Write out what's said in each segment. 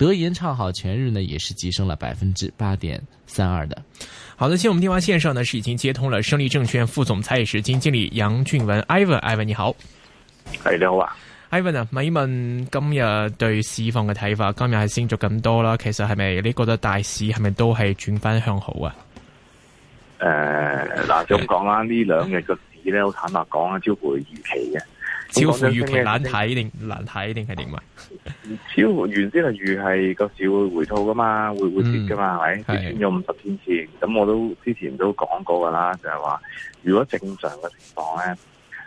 德銀唱好，全日呢，也是急升了百分之八點三二的。好的，現在我們電話線上呢，是已經接通了勝利證券副總裁，也是基金經理楊俊文，Ivan，Ivan 你好。係你好啊，Ivan 啊，問一問今日對市況嘅睇法，今日係升咗咁多啦。其實係咪你覺得大市係咪都係轉翻向好啊？誒、呃，嗱，咁講啦，呢兩日個市呢，好坦白講啊，超乎預期嘅。超乎預期難睇定難睇定係點啊？超原先係預係個市會回吐噶嘛，會會跌噶嘛係咪？跌穿咗五十天線，咁、嗯、我都之前都講過噶啦，就係、是、話如果正常嘅情況咧，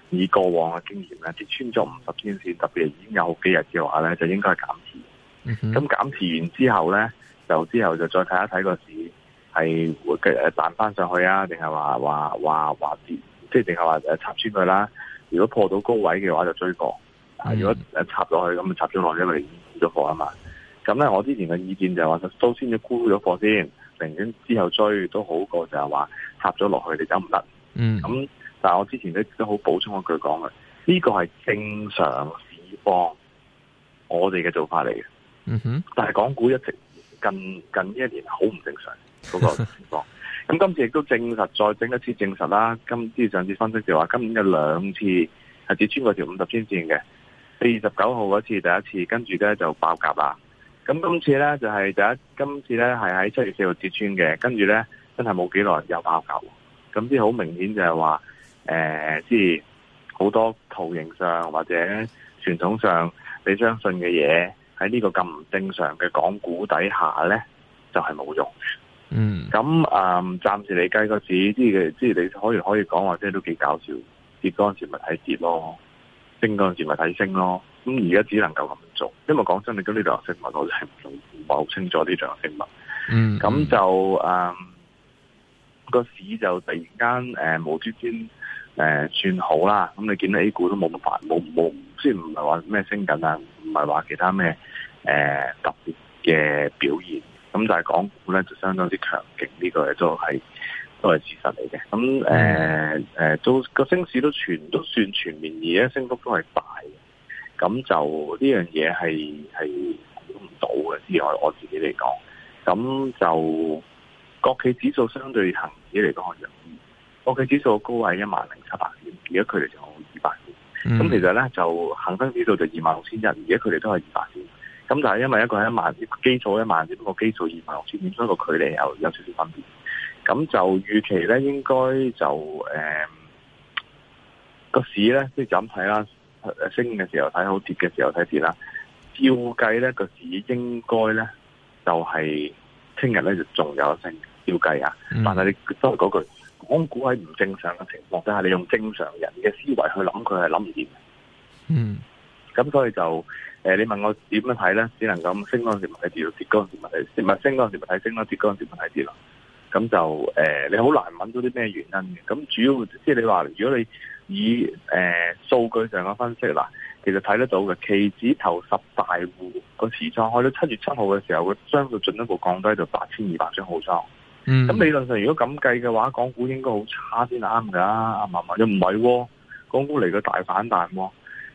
以過往嘅經驗咧，跌穿咗五十天線，特別係已經有幾日嘅話咧，就應該係減持。咁減持完之後咧，就之後就再睇一睇個市係會嘅誒彈翻上去啊，定係話話話話跌，即係定係話誒插穿佢啦。如果破到高位嘅話就追過，啊如果插咗去咁就插咗落，因為沽咗貨啊嘛。咁咧我之前嘅意見就係話，首先要沽咗貨先，寧願之後追都好過就係話插咗落去你走唔得。嗯，咁但係我之前咧都好補充一句講嘅，呢個係正常市況，我哋嘅做法嚟嘅。嗯哼，但係港股一直近近一年好唔正常，嗰個情況。 咁今次亦都證實，再整一次證實啦。今次上次分析就話，今年有兩次係跌穿過條五十天線嘅，二十九號嗰次第一次，跟住咧就爆夾啦。咁今次咧就係第一，今次咧係喺七月四號跌穿嘅，跟住咧真係冇幾耐又爆夾。咁即係好明顯就係話，誒、呃，即係好多圖形上或者傳統上你相信嘅嘢，喺呢個咁唔正常嘅港股底下咧，就係、是、冇用嘅。嗯，咁、嗯、誒，暫時嚟計個市，即係即係你可以可以講話，即係都幾搞笑。跌嗰陣時咪睇跌咯，升嗰陣時咪睇升咯。咁而家只能夠咁做，因為講真，你嗰啲嘅食物我真係唔唔係好清楚啲量食物。嗯，咁就誒、嗯嗯那個市就突然間誒、呃、無端端誒、呃、算好啦。咁、呃、你見到 A 股都冇咁煩，冇冇，即係唔係話咩升緊，樣，唔係話其他咩誒、呃、特別嘅表現。咁但係港股咧，就相當之強勁，呢、這個亦都係都係事實嚟嘅。咁誒誒，都、呃、個升市都全都算全面，而家升幅都係大嘅。咁就呢樣嘢係係估唔到嘅。之外，我自己嚟講，咁就國企指數相對恒指嚟講，可二，國企指數高位一萬零七百點，而家佢哋就二百點。咁其實咧，就恒生指數就二萬六千一，而家佢哋都係二百點。咁但係因為一個係一萬點基數，一萬點個基數二萬六千點，所以個距離有有少少分別。咁就預期咧，應該就誒個、嗯、市咧即係咁睇啦，升嘅時候睇好，跌嘅時候睇跌啦。照計咧個市應該咧就係聽日咧就仲有升。照計啊，嗯、但係你都係嗰句，港股喺唔正常嘅情況底下，即係你用正常人嘅思維去諗，佢係諗唔掂。嗯。咁所以就。誒、呃，你問我點樣睇咧？只能咁，升嗰陣時咪睇住跌，嗰陣時咪睇升時，唔係升陣時咪睇升咯，跌陣時咪睇跌。咁就誒、呃，你好難揾到啲咩原因嘅。咁主要即係、就是、你話，如果你以誒數、呃、據上嘅分析啦，其實睇得到嘅期指頭十大戶個持倉去到七月七號嘅時候，佢相對進一步降低到八千二百張好倉。咁理論上如果咁計嘅話，港股應該好差先啱㗎，阿文文又唔係喎，港股嚟個大反彈喎、啊。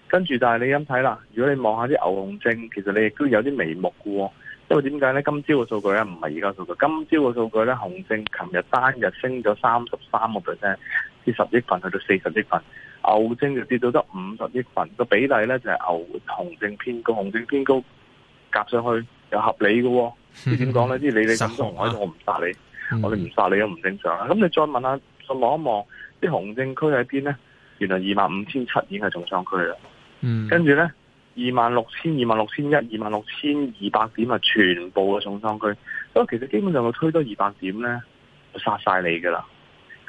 跟住就係你咁睇啦。如果你望下啲牛熊證，其實你亦都有啲眉目嘅喎。因為點解咧？今朝嘅數據咧，唔係而家數據。今朝嘅數據咧，熊證琴日單日升咗三十三個 percent，跌十億份去到四十億份，牛證就跌到得五十億份。個比例咧，就係牛熊證偏高，熊證偏高，夾上去又合理嘅喎。即點講咧？即係、嗯、你你殺我、啊，我唔殺你，我哋唔殺你都唔正常啦。咁、嗯、你再問下，再望一望啲熊證區喺邊咧？原來二萬五千七已經係重傷區啦。嗯，跟住咧，二萬六千、二萬六千一、二萬六千二百點啊，全部嘅重倉區，所以其實基本上佢推多二百點咧，就殺晒你噶啦。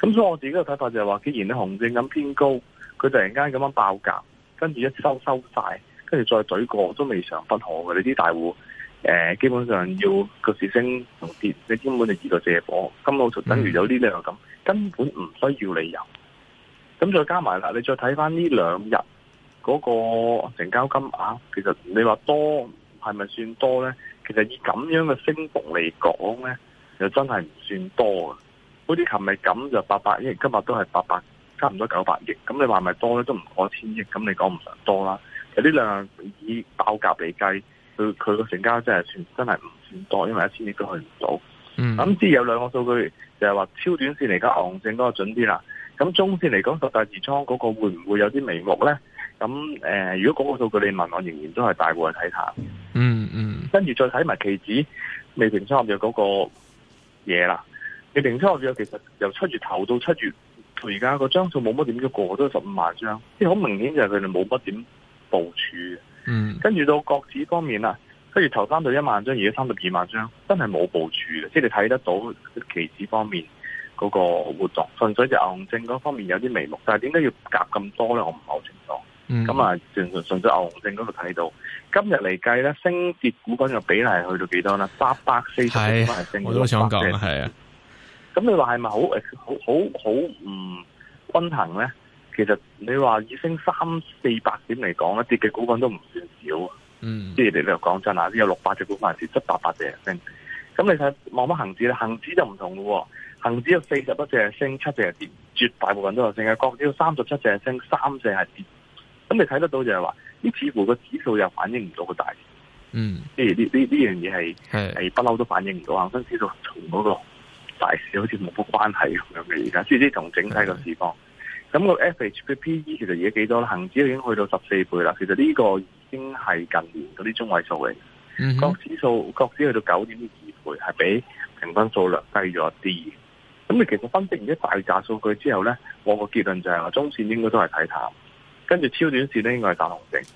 咁所以我自己嘅睇法就係話，既然你紅政咁偏高，佢突然間咁樣爆價，跟住一收收晒，跟住再懟過都未嘗不可嘅。你啲大戶誒、呃，基本上要個市升同跌，你根本就易到借火。今早就等於有呢兩個咁，根本唔需要理由。咁再加埋啦，你再睇翻呢兩日。嗰、那個成交金額、啊、其實你話多係咪算多呢？其實以咁樣嘅升幅嚟講呢就真係唔算多嘅。好似琴日咁就八百億，今日都係八百，差唔多九百億。咁你話咪多呢？都唔過千億，咁你講唔上多啦。其實呢兩日以爆價嚟計，佢佢個成交真係算真係唔算多，因為一千億都去唔到。咁、嗯、至於有兩個數據就係話超短線嚟講，牛熊證嗰個準啲啦。咁中線嚟講，十大持倉嗰個會唔會有啲眉目咧？咁、嗯、誒、呃，如果嗰個數據你問我，仍然都係大去睇下。嗯嗯。跟住再睇埋期指未平倉合約嗰個嘢啦。未平倉合約其實由七月頭到七月，而家個張數冇乜點嘅，個個都十五萬張，即係好明顯就係佢哋冇乜點部署。嗯。跟住到國指方面啊，七月頭三十一萬張，而家三十二萬張，真係冇部署嘅，即係你睇得到期指方面嗰個活動。純粹就牛證嗰方面有啲眉目，但係點解要夾咁多咧？我唔係好清楚。咁、嗯、啊，純純粹牛熊證嗰度睇到，今日嚟計咧，升跌股份嘅比例去到幾多咧？八百四十隻升我，我都想講啦。係啊，咁、啊、你話係咪好好好好唔均衡咧？其實你話以升三四百點嚟講咧，跌嘅股份都唔算少，啊。嗯，即係你又講真啊，有六百隻股份係跌，七八百隻升。咁你睇望翻恆指咧，恆指就唔同嘅喎，啊，恆指有四十一隻升，七隻跌，絕大部分都有升嘅。國指有三十七隻升，三四係跌。咁你睇得到就係話，呢似乎個指數又反映唔到個大市，嗯，即係呢呢呢樣嘢係不嬲都反映唔到啊！新指數同嗰個大市好似冇乜關係咁樣嘅，而家，即係啲同整體個市況。咁、那個 FHPPE 其實而家幾多啦？恒指已經去到十四倍啦，其實呢個已經係近年嗰啲中位數嚟。國、嗯、指數各指去到九點二倍，係比平均數略低咗啲。咁你其實分析完啲大紮數據之後咧，我個結論就係、是、話，中線應該都係睇淡。跟住超短線咧，應該係殺熊證，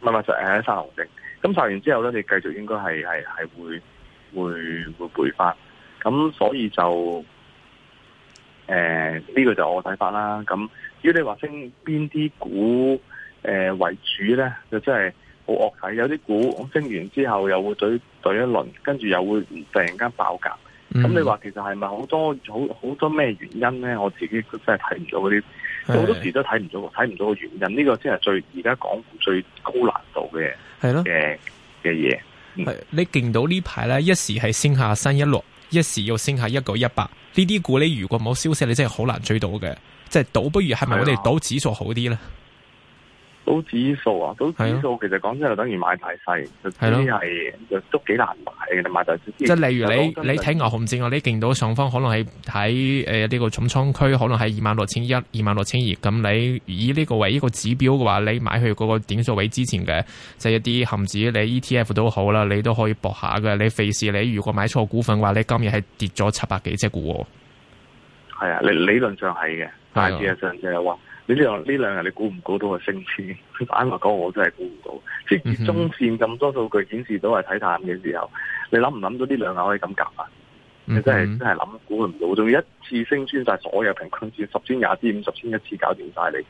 唔咪唔係就誒殺熊證。咁殺完之後咧，你繼續應該係會會會回翻。咁所以就誒呢、呃這個就我睇法啦。咁如果你話升邊啲股誒為主咧，就真係好惡睇。有啲股升完之後又會懟懟一輪，跟住又會突然間爆價。咁你話其實係咪好多好好多咩原因咧？我自己真係睇唔到嗰啲，好的多時都睇唔到，睇唔到個原因。呢、呢個即係最而家港股最高難度嘅係咯嘅嘅嘢。係的、呃嗯、你見到呢排咧，一時係升下新一六，一時又升下一九一八。呢啲股你如果冇消息，你真係好難追到嘅。即係倒不如係咪我哋倒指數好啲咧？都指數啊，都指數其實講真就等於買大細，啲係就都幾難買嘅，你買大即係例如你你睇牛熊證，我你見到上方可能係喺誒呢個重倉區，可能係二萬六千一、二萬六千二。咁你以呢個為一個指標嘅話，你買去嗰個點數位之前嘅，即、就、係、是、一啲恒指、你 E T F 都好啦，你都可以搏下嘅。你費事你如果買錯股份話，你今日係跌咗七百幾隻股。係啊，理理論上係嘅，但係事實上就係、是、話。呢兩呢兩日你估唔估到佢升穿？坦白講，我真係估唔到。即係中線咁多數據顯示到係睇淡嘅時候，你諗唔諗到呢兩日可以咁搞啊？Mm-hmm. 你真係真係諗估唔到，仲要一次升穿晒所有平均線，十穿廿支五十穿一次搞掂晒你。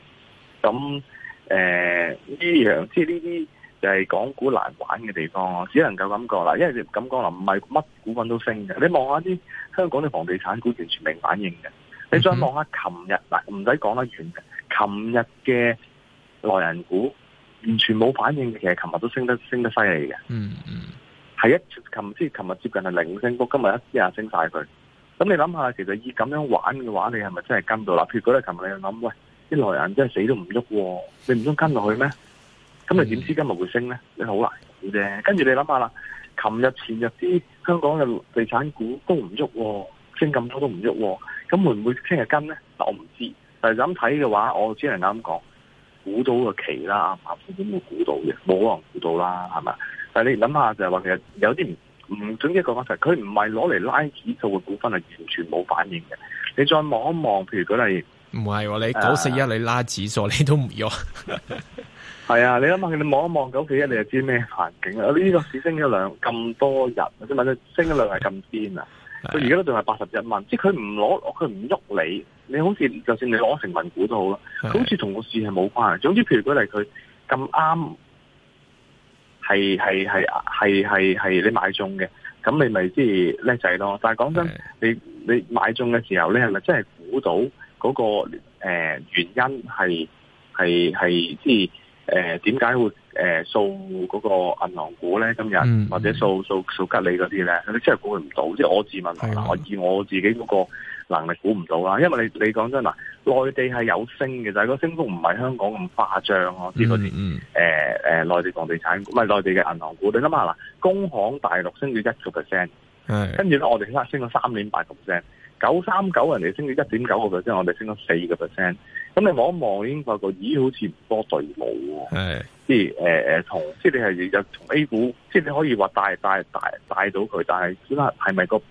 咁誒呢樣，即係呢啲就係港股難玩嘅地方咯。只能夠咁講啦，因為你咁講啦，唔係乜股份都升嘅。你望下啲香港啲房地產股，完全未反應嘅。你再望下，琴日嗱，唔使講啦，完。琴日嘅內人股完全冇反應，其實琴日都升得升得犀利嘅。嗯嗯，係一琴，即係琴日接近係零升幅，今日一一下升曬佢。咁你諗下，其實以咁樣玩嘅話，你係咪真係跟到？譬如果日琴日你又諗，喂，啲內人真係死都唔喐，你唔想跟落去咩？咁你點知今日會升咧？你好難估啫。跟住你諗下啦，琴日前日啲香港嘅地產股都唔喐，升咁多都唔喐。咁會唔會聽日跟咧？我唔知。但係咁睇嘅話，我只能啱講估到個期啦。啱啱都估到嘅？冇可能估到啦，係咪？但、嗯、係你諗下就係話，其實有啲唔唔，總之講翻就佢唔係攞嚟拉指數嘅股份係完全冇反應嘅。你再望一望，譬如佢係唔係喎？你九四一你拉指數，你都唔喐，係 啊，你諗下，你望一望九四一，你就知咩環境啦。呢、這個市升咗兩咁多日，即係你升咗兩係咁癲啊？ 佢而家都仲係八十一萬，即係佢唔攞，佢唔喐你，你好似就算你攞成份股都好啦，好似同個市係冇關係。總之，譬如佢嚟佢咁啱，係係係係係係你買中嘅，咁你咪即係叻仔咯。但係講真，你你買中嘅時候你係咪真係估到嗰、那個誒、呃、原因係係係即係？誒、呃，點解會誒，掃、呃、嗰個銀行股咧？今日或者掃掃掃吉利嗰啲咧？你真係估佢唔到，即係我自問啦，我以我自己嗰個能力估唔到啦。因為你你講真啦，內地係有升嘅，就、那、係個升幅唔係香港咁誇張咯。呢嗰啲誒誒，內、嗯嗯呃、地房地產唔係內地嘅銀行股，你諗下啦，工行大陸升咗一個 percent，跟住咧我哋咧升咗三點八 percent。九三九人哋升咗一點九個 percent，我哋升咗四個 percent。咁你望一望已經發覺，咦？好似唔多墜冇喎。即係誒誒，同即係你係有從 A 股，即係你可以話帶帶帶帶到佢，但係只係係咪個誒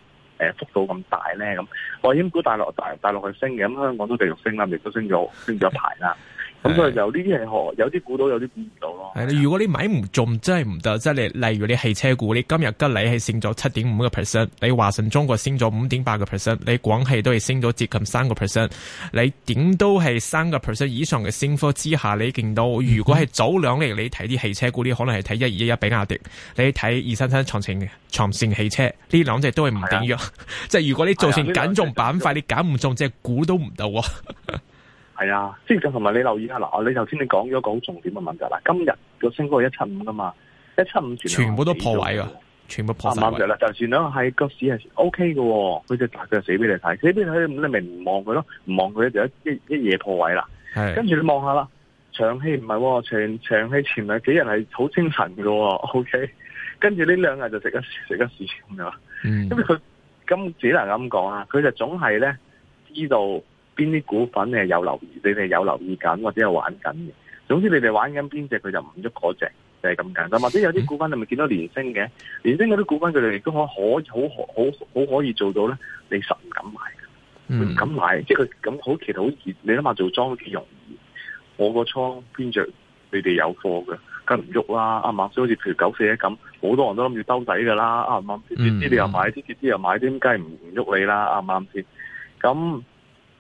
幅度咁大咧？咁我已經估大陸大陸去升嘅，咁香港都繼續升啦，亦都升咗升咗一排啦。 咁佢由呢啲係學，有啲估到，有啲估唔到咯。係你如果你買唔中，真係唔得。即係你例如你汽車股，你今日吉利係升咗七點五個 percent，你華晨中國升咗五點八個 percent，你廣汽都係升咗接近三個 percent。你點都係三個 percent 以上嘅升幅之下你、嗯，你見到如果係早兩年你睇啲汽車股，你可能係睇一二一一比亞迪，你睇二三三長城、長城汽車，呢兩隻都係唔點樣。的 即係如果你做成揀重板塊，你揀唔中即係估都唔到。 係啊，即係就同埋你留意一下嗱，你頭先你講咗個好重點嘅問題啦。今日個升高係一七五噶嘛，一七五全部都破位啊，全部破位嘅啦。啊 OK、就算個係個市係 O K 嘅，佢就佢就死俾你睇，死俾你睇你咪唔望佢咯，唔望佢就一一夜破位啦。跟住你望下啦，長期唔係，長、哦、長期前兩幾日係好清晨喎。o、okay? K。跟住呢兩日就食咗食咗市咁嘅啦，因為佢、嗯、今只能咁講啊，佢就總係咧知道。邊啲股份你係有留意，你哋有留意緊或者係玩緊嘅總之你哋玩緊邊隻佢就唔喐，嗰隻就係、是、咁簡單。或者有啲股份你咪見到連升嘅、嗯，連升嗰啲股份佢哋亦都可可好好好好可以做到咧。你實唔敢買，唔、嗯、敢買，即係佢咁好，其實好易。你諗下做莊幾容易，我個倉邊着你哋有貨嘅梗唔喐啦，啱唔啱？所以好似譬如九四一咁，好多人都諗住兜底噶啦，啱唔啱？跌、嗯、跌、嗯、你又買啲，跌又買啲，咁梗唔唔喐你啦，啱唔啱先？咁、嗯嗯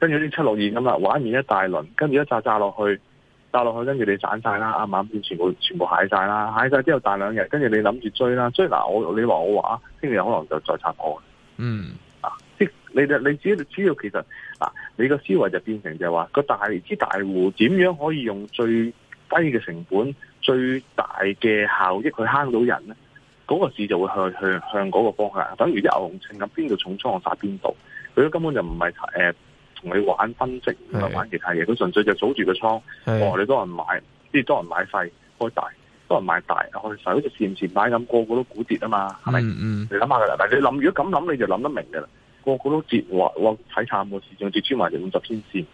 跟住啲七六二咁啦，玩完一大輪，跟住一炸炸落去，炸落去，跟住你斬晒、啊、啦，啱啱變全部全部蟹晒啦，蟹晒之後大兩日，跟住你諗住追啦，追嗱我你話我話，聽日可能就再拆我。嗯、mm. 啊，即你你主要主要其實嗱、啊，你個思維就變成就話個大啲大戶點樣可以用最低嘅成本、最大嘅效益去慳到人咧？嗰、那個市就會去向向嗰個方向，等如有牛熊證咁，邊度重倉我殺邊度，佢都根本就唔係.同你玩分析，唔係玩其他嘢，佢純粹就組住個倉，哇！你多人買，即係多人買細開大，多人，大多人大買大開細，好似線線買咁，個個都估跌啊嘛，係、嗯、咪？你諗下噶啦，但係你諗，如果咁諗，你就諗得明噶啦，個個都跌，哇哇睇淡冇市場，仲跌穿埋成五十天線，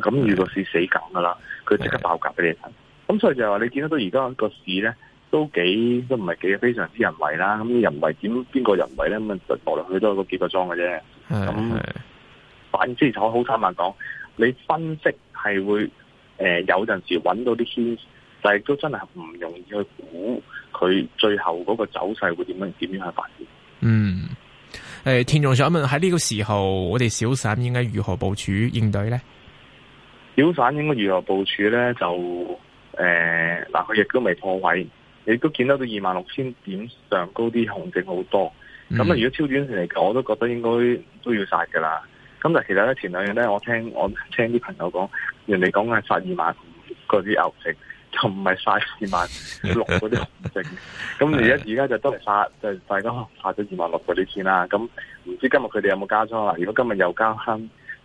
咁如果市死梗噶啦，佢即刻爆格俾你睇。咁所以就係話，你見得到而家個市咧都幾都唔係幾非常之人為啦，咁人為點？邊個人為咧咁？就落落去都係嗰幾個莊嘅啫。咁反之，我好坦白講，你分析係會誒、呃、有陣時揾到啲先，但係都真係唔容易去估佢最後嗰個走勢會點樣，點樣去發展。嗯，誒、呃，聽眾想問喺呢個時候，我哋小散應該如何部署應對咧？小散應該如何部署咧？就誒，嗱、呃，佢亦都未破位，亦都見得到二萬六千點上高啲，紅整好多。咁、嗯、啊，如果超短線嚟講，我都覺得應該都要殺噶啦。咁就其實咧，前兩日咧，我聽我聽啲朋友講，人哋講係殺二萬嗰啲牛證， 就唔係殺二萬六嗰啲牛證。咁而家而家就都係殺，就大家殺咗二萬六嗰啲錢啦。咁唔知今日佢哋有冇加倉啊？如果今日又加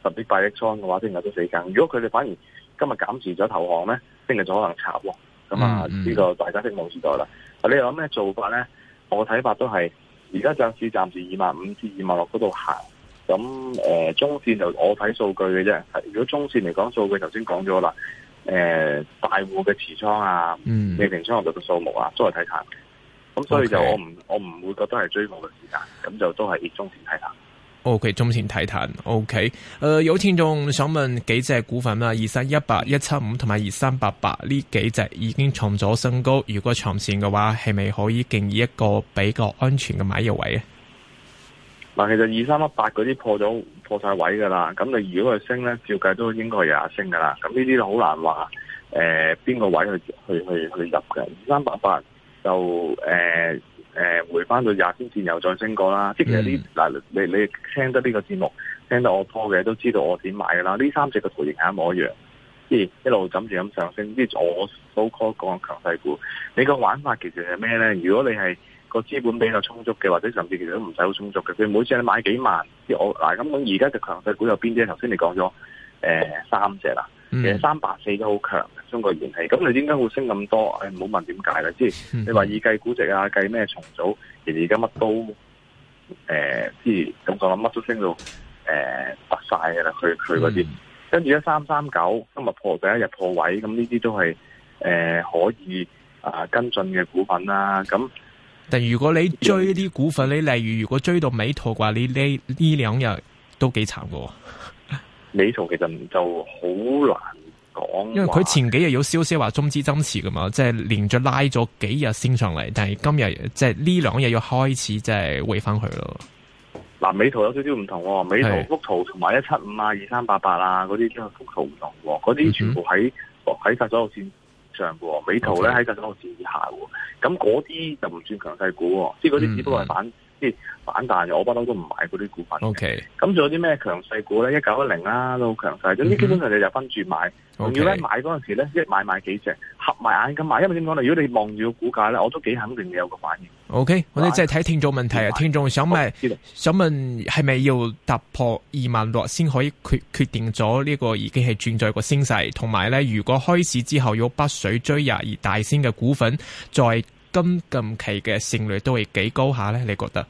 十億八億倉嘅話，聽日都死梗。如果佢哋反而今日減持咗投降咧，聽日就可能拆喎。咁啊，呢個大家的冇時代啦。你有咩做法咧？我睇法都係而家暫時暫時二萬五至二萬六嗰度行。咁誒、呃，中線就我睇數據嘅啫。如果中線嚟講，數據頭先講咗啦。誒、呃，大戶嘅持倉啊，未平倉嗰度嘅數目啊，都係睇淡嘅。咁、okay. 所以就我唔我唔會覺得係追貨嘅時間。咁就都係中線睇淡。O、okay, K，中線睇淡。O K，誒，有聽眾想問幾隻股份啦，二三一八、一七五同埋二三八八呢幾隻已經創咗新高。如果長線嘅話，係咪可以建議一個比較安全嘅買入位啊？嗱，其實二三一八嗰啲破咗破晒位噶啦，咁你如果佢升咧，照計都應該又升噶啦。咁呢啲就好難話，誒、呃、邊個位去去去去入嘅二三八八就誒誒、呃呃、回翻到廿天線又再升過啦。即係呢嗱，你你聽到呢個節目，聽得我破嘅都知道我點買噶啦。呢三隻嘅圖形係一模一樣，即係一路諗住咁上升。呢我所 call 講強勢股，你個玩法其實係咩咧？如果你係個資本比較充足嘅，或者甚至其實都唔使好充足嘅。佢每次你買幾萬，即係我嗱咁而家嘅強勢股有邊啲？頭先你講咗誒三隻啦、嗯，其實三八四都好強嘅，中國燃氣。咁你點解會升咁多？誒，唔好問點解啦，即係你話以計估值啊，計咩重組，而而家乜都誒，即係咁講乜都升到誒白晒嘅啦，佢佢嗰啲。跟住咧，三三九今日破第一日破位，咁呢啲都係誒、呃、可以啊、呃、跟進嘅股份啦、啊。咁但如果你追啲股份，你例如如果追到美圖嘅話，你呢呢兩日都幾慘嘅。 美圖其實就好難講，因為佢前幾日有消息話中資增持嘅嘛，即係連咗拉咗幾日先上嚟，但係今日即係呢兩日要開始即係回翻去咯。嗱、哦，美圖有少少唔同，美圖幅圖同埋一七五啊、二三八八啊嗰啲，真係幅圖唔同，嗰啲、嗯、哼全部喺喺晒所有線。上 美圖咧喺近左度以下喎，咁嗰啲就唔算強勢股，即係嗰啲只不過係反。 啲反彈，我不嬲都唔買嗰啲股份。OK. 咁仲有啲咩強勢股咧？一九一零啦，都好強勢。咁呢，基本上你就分住買。仲要咧，買嗰陣時咧，一買買幾隻，合埋眼咁買。因為點講咧？如果你望住個股價咧，我都幾肯定你有個反應。OK. 我哋即係睇聽眾問題啊！聽眾想問，想問係咪要突破二萬六先可以決決定咗呢個已經係轉在個升勢？同埋咧，如果開市之後要北水追入而大升嘅股份再。今近期嘅勝率都係幾高下咧？你覺得？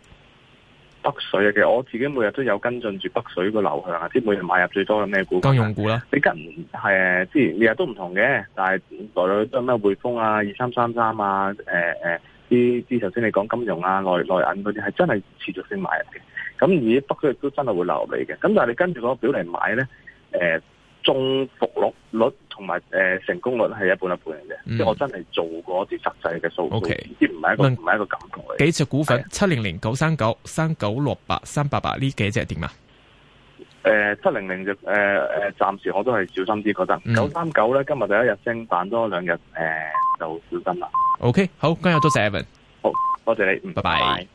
北水啊，其實我自己每日都有跟進住北水個流向啊，即係每日買入最多係咩股？金融股啦，你近係誒，之前日日都唔同嘅，但係來來都咩匯豐啊、二三三三啊、誒、呃、誒，啲啲頭先你講金融啊、內內銀嗰啲，係真係持續性買入嘅。咁而北水都真係會流入嚟嘅。咁但係你跟住個表嚟買咧，誒、呃。中服率率同埋誒成功率係一半一半嘅，即、嗯、係我真係做過啲實際嘅數據，OK，啲唔係一個唔係一個感覺。幾隻股份？七零零、九三九、三九六八、三八八呢？幾隻點啊？誒，七零零就誒誒，暫時我都係小心啲，覺得九三九咧今日第一日升，彈多兩日誒就小心啦。OK，好，今日多謝 Evan，好，多謝你，嗯，拜拜。